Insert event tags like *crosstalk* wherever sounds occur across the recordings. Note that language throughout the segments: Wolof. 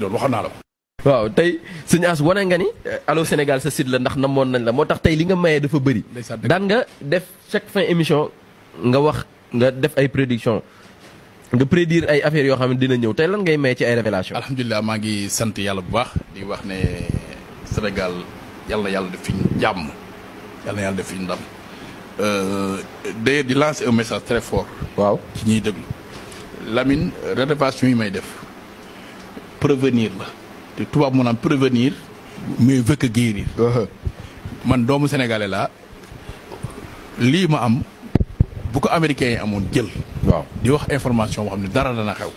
loolu waxon na la ko. waaw tay seigne As wane nga ni eh, allo Sénégal sa site la ndax namoon nañ la motax tay li nga maye dafa beuri dan nga def chaque fin émission nga wax nga def ay prédiction nga prédire ay affaire yo xam dina ñëw tay lan ngay maye ci ay révélation alhamdullilah ma ngi sante yalla bu baax di wax ne Sénégal yalla yalla def fiñ jamm yalla yalla def fiñ ndam. euh d'ailleurs di lancer un message très fort. waaw ci ñi déglu Lamine rénovation yi may def. prévenir la té tubaab mu naan prévenir mais veut que guérir uh-huh. man domou sénégalais là li ma am bu ko américains yi amoon jël waaw di wax information bo xam dara dana xew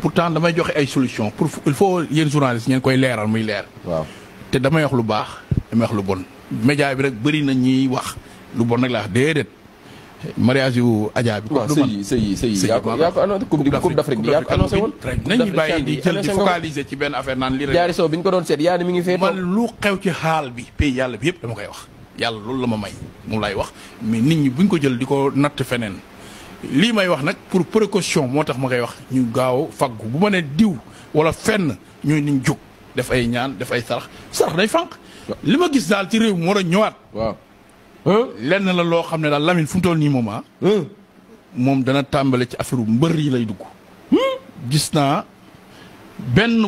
pourtant damay joxe ay solution pour il faut yéen journaliste ñen koy léral muy leer waaw te damay wax lu baax damay wax lu bon média bi rek bari na ñi wax lu bon nak la wax mariage yu Adja bi. waaw sëy yi sëy yi sëy yi yaa ko yaa ko annoncé coupe du coupe d'Afrique bi yaa ko annoncé woon. nañu bàyyi di jël di focaliser ci benn affaire naan li rek. jaari sow bi ñu ko doon seet yaa ni mi ngi fee. man lu xew ci xaal bi pays yàlla bi yëpp dama koy wax yàlla loolu la ma may moom laay wax mais nit ñi bu ñu ko jël di ko natt feneen lii may wax nag pour précaution moo tax ma koy wax ñu gaaw faggu bu ma ne diw wala fenn ñooy niñ jóg def ay ñaan def ay sarax sarax day fànq li ma gis daal ci réew mi war a ñëwaat waaw lenn la lo xamne ne daal Lamine fu mu toll nii moom ah. dana tambale ci affaire mbeur yi lay dugg. gis naa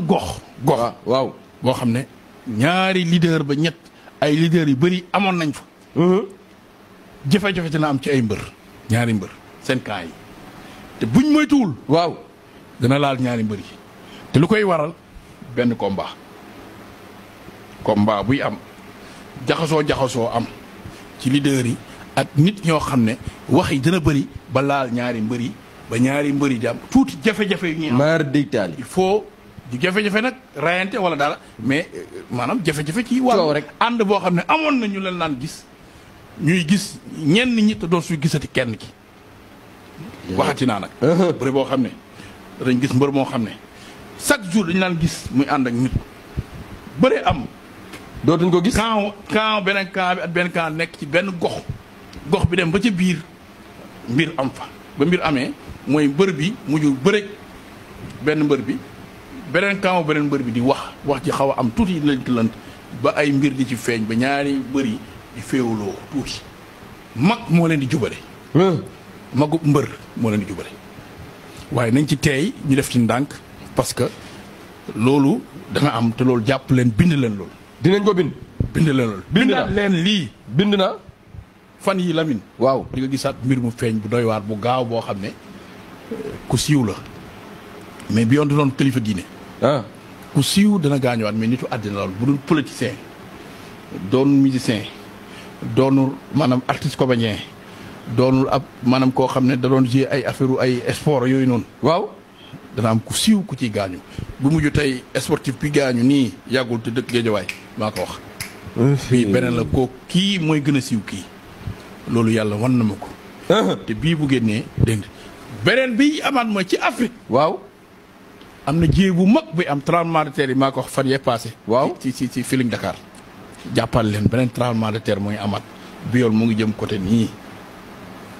gox. gox waaw bo xamne ñaari leader ba ñet ay leader yu bari amon nañ fa. jafe-jafe dina am ci ay mbeur ñaari mbeur sen kaa te buñ moytuwul. waaw dana laal ñaari mbeur yi te lu koy waral ben combat combat buy am jaxasoo jaxasoo am. ci leader yi ak nit ñoo xam ne wax yi dina bëri ba laal ñaari mbër yi ba ñaari mbër yi di am tuuti jafe-jafe yu ñuy am. maar il faut du jafe-jafe nag rayante wala dara mais euh, maanaam jafe-jafe ci wàllu rek ànd boo xam ne amoon na ñu leen laan gis ñuy gis ñenn ñi te doon suy gisati kenn ki waxati naa nag uh-huh. bëri boo xam ne dañ gis mbër moo xam ne chaque jour dañu laan gis muy ànd ak nit bëre am dootun ko gis camp camp benen camp bi ak benn camp nekk ci benn gox gox bi dem ba ci biir mbir am fa ba mbir amé moy mbeur bi mujjul bërëg benn mbeur bi benen camp benen mbeur bi di wax wax ci xawa am tuti lënt lent ba ay mbir di ci feñ ba ñaari mbër yi di féewloo tuti mak mo len di jubale hmm. magu mbeur mo len di jubale waye nañ ci teey ñu def ci ndank parce que lolu da nga am te lolu japp len bind len lolu dinañ ko bind. bind la loolu bind leen lii. bind na fan yi lamin waaw di nga gisaat mbir mu feeñ bu doy waar bu gaaw boo xam ne ku siiw la mais bi yoon du doon kilifa diine. Ah. ku siiw dana gaañuwaat mais nitu àddina loolu bu dul politicien doon musicien doonu maanaam artiste comédien doonu ab maanaam koo xam ne da doon jouer ay affaire ay sport yooyu noonu. waaw dana am ku siiw ku ci gaañu bu mujj tey sportif bi gaañu nii yàggul te dëkk Géejawaay maa ko wax. bii beneen la koo kii mooy gën a siiw kii. loolu yàlla wan na ma ko. Uh-huh. te bii bu génnee dégg nga beneen bi amaat mooy ci Afrique. waaw. am na jéeg bu mag bi am tremblement de yi maa fan yee passé. waaw ci ci ci Feeling Dakar. jàppal leen beneen tremblement de terre mooy amaat bi mu ngi jëm côté nii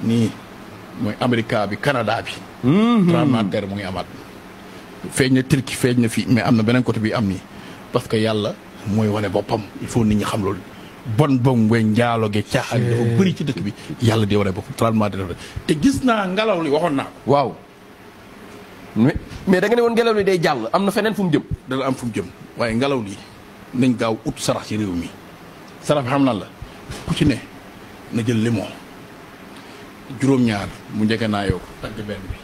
nii mooy Amérique bi kanadaa bi. Mm-hmm. tremblement de terre mu ngi amaat. feeñ na Turquie feeñ na fii mais am na beneen côté bi am nii parce yàlla. mooy wane boppam il faut nit ñi xam loolu bon bon we njaalo ge caaxaan dafa bëri ci dëkk bi yàlla di wane boppam traitement de te gis naa ngelaw li waxoon naa ko waaw mais danga nga ne woon ngelaw li day jàll am na feneen fu jëm dana am fu jëm waaye ngelaw li nañ gaaw ut sarax ci réew mi sarax bi xam na la ku ci ne na jël limon juróom-ñaar mu njëkk naa yow tagg benn bi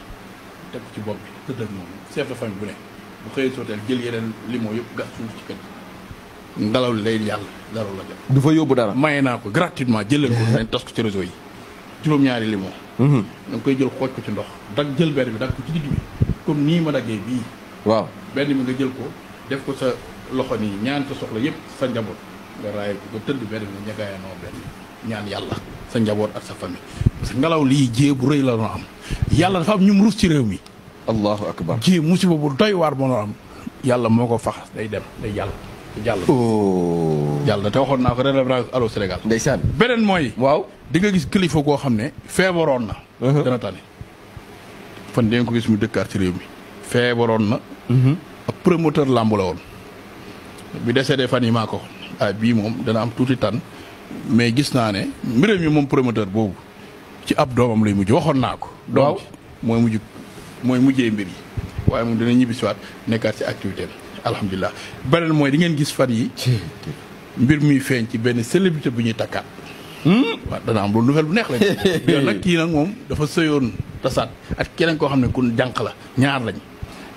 teg ci bopp bi tëdd ak moom chef de famille bu ne bu xëyee sooteel jël yeneen limon yëpp ngelaw lay day yàlla la jot. fa yóbbu dara. maye naa ko gratuitement jëlal ko nañ *laughs* ko ci réseau yi juróom-ñaari limon. Mhm. da nga koy jël ko ci ndox. dag jël benn bi dag ko ci nii ma daggee bii. waaw benn bi nga jël ko def ko sa loxo nii ñaan soxla yëpp sa njaboot nga raay ko ba bi nga ñagaayanoo benn ñaan yàlla sa njaboot ak sa famille. parce ngelaw lii jée bu rëy la noo am yàlla dafa am ñu mu rus ci réew mi. allahu akbar jée musiba bu doy waar moo am. yàlla moo ko faxas day dem day yàlla. jàll na. Oh. te waxoon naa ko relève allo Sénégal. ndeysaan beneen mooy. waaw di nga gis kilifa goo xam ne. feebaroon na. Uh-huh. dana tane fan dee nga ko gis mu dëkkaat ci réew mi. feebaroon na. Uh-huh. ak promoteur làmb la woon. bi décédé fan yi maa ko ah bii moom dana am tuuti tan mais gis naa ne mbiram yi moom promoteur boobu ci ab doomam lay mujj waxoon naa ko. waaw doom mooy mujj mooy mujjee mbir yi. waaye moom dana ñibbisiwaat nekkaat ci activité am alhamdulilah beneen mooy di ngeen gis fan yi mbir muy feeñ ci benn célébrité bu ñuy takkaat. Hmm? waaw dana am loolu nouvelle bu neex lañ. *laughs* yoon nag kii nag moom dafa sëyoon tasaat ak keneen koo xam ne kun jànq la ñaar lañ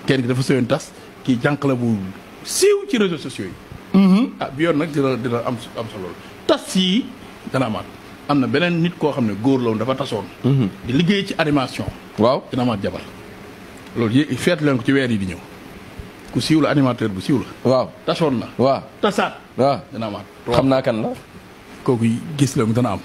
kenn ki dafa sëyoon tas kii jànq la bu ci réseaux sociaux yi. Hmm? Ah yoon nag dina dina am am solo tas yi dana am na beneen nit koo xam ne góor la woon dafa tasoon. Hmm. di liggéey ci animation. waaw dina jabar loolu yéeg feet leen ko ci weer yi di ñëw. ku siiw la animateur bu siiw la. waaw tasoon na. waa tasaat. waaw dina amaat. xam naa kan la. kooku gis la mu dana am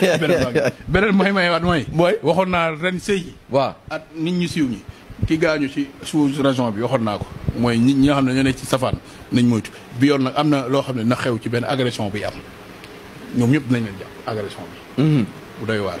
*laughs* beneen mooy may waat mooy waxoon naa ren sëy waa at nit ñi siiw ñi ki gaañu ci sous région bi waxoon naa ko mooy nit ñi nga xam ne ñoo ne ci safaan nañ moytu bi yoon nag am na loo xam ne na xew ci benn agression bi am ñoom ñëpp nañ leen jàpp agression bi mhm. bu doy waar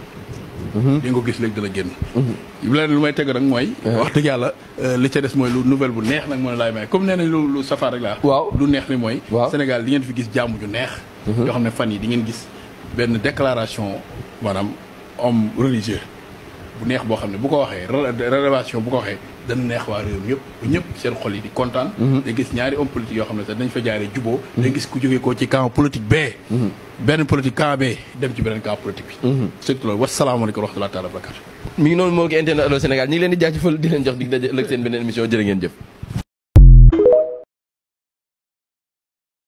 Mhm. di ko gis léegi dana génn mhm. leneen lu may teg rek mooy eh. wax dëgg yàlla euh, li ca des mooy lu nouvelle bu neex nag moo a laay may comme nee nañ lu lu safar rek laa waaw lu neex li mooy Sénégal di ngeen fi gis jàmm ju neex mhm. yoo xam ne fan yi di ngeen gis benn déclaration maanaam homme religieux bu neex boo xam ne bu ko waxee révélation bu ko waxee dana neex waa réew mi yëpp bu ñëpp seen xol yi di kontaan dañ mhm. gis ñaari homme politique yoo xam ne sax dañ fa jaaree juboo dañ mhm. gis ku jógee koo ci camp politique bee mhm. benn politique camp bee dem ci beneen camp politique bi surtout loolu wasalaamaaleykum wa rahmatulah taala wa barakatu mi ngi noonu moo ngi internet Allô Sénégal ñi leen di jaajëfal di leen jox dig daje seen beneen émission jërë ngeen jëf